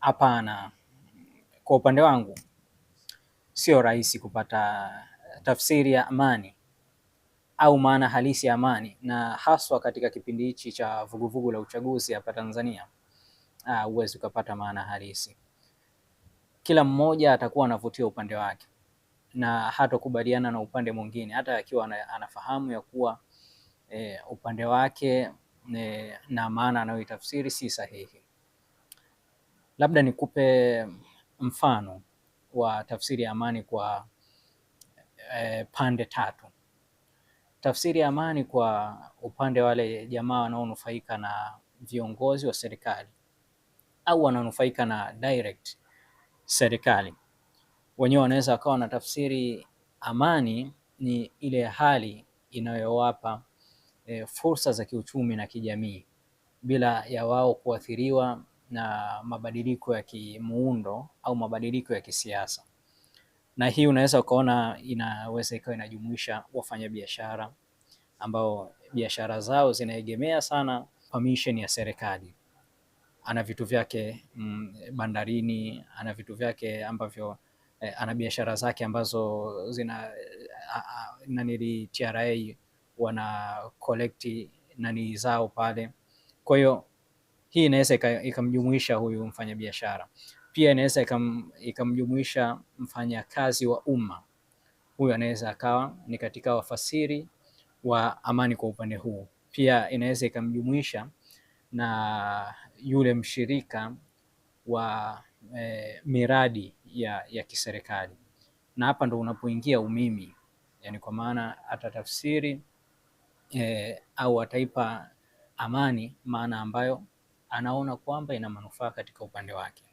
Hapana, kwa upande wangu sio rahisi kupata tafsiri ya amani au maana halisi ya amani, na haswa katika kipindi hichi cha vuguvugu la uchaguzi hapa Tanzania ah, huwezi uh, ukapata maana halisi. Kila mmoja atakuwa anavutia upande wake na hatakubaliana na upande mwingine, hata akiwa anafahamu ya kuwa e, upande wake e, na maana anayoitafsiri si sahihi. Labda nikupe mfano wa tafsiri ya amani kwa e, pande tatu. Tafsiri ya amani kwa upande wale jamaa wanaonufaika na viongozi wa serikali au wanaonufaika na direct serikali, wenyewe wanaweza wakawa na tafsiri amani ni ile hali inayowapa e, fursa za kiuchumi na kijamii bila ya wao kuathiriwa na mabadiliko ya kimuundo au mabadiliko ya kisiasa, na hii unaweza ukaona inaweza ikawa inajumuisha wafanyabiashara ambao biashara zao zinaegemea sana permission ya serikali. Ana vitu vyake mm, bandarini, ana vitu vyake ambavyo eh, ana biashara zake ambazo zina nanili TRA wana collect nani zao pale, kwa hiyo hii inaweza ikamjumuisha huyu mfanyabiashara, pia inaweza ikamjumuisha mfanyakazi wa umma. Huyu anaweza akawa ni katika wafasiri wa amani kwa upande huu, pia inaweza ikamjumuisha na yule mshirika wa eh, miradi ya, ya kiserikali, na hapa ndo unapoingia umimi, yani kwa maana atatafsiri eh, au ataipa amani maana ambayo anaona kwamba ina manufaa katika upande wake.